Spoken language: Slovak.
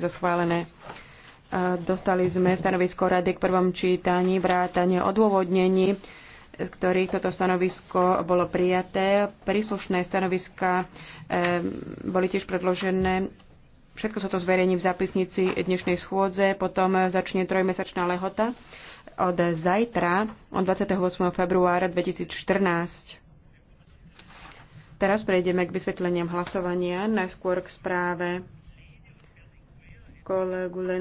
zo schválené. Dostali sme stanovisko rady k prvom čítaní, vrátanie odôvodnení, z ktorých toto stanovisko bolo prijaté. Príslušné stanoviska boli tiež predložené. Všetko sa to zverejní v zápisnici dnešnej schôdze. Potom začne trojmesačná lehota od zajtra, od 28. februára 2014. Teraz prejdeme k vysvetleniam hlasovania, najskôr k správe kolegu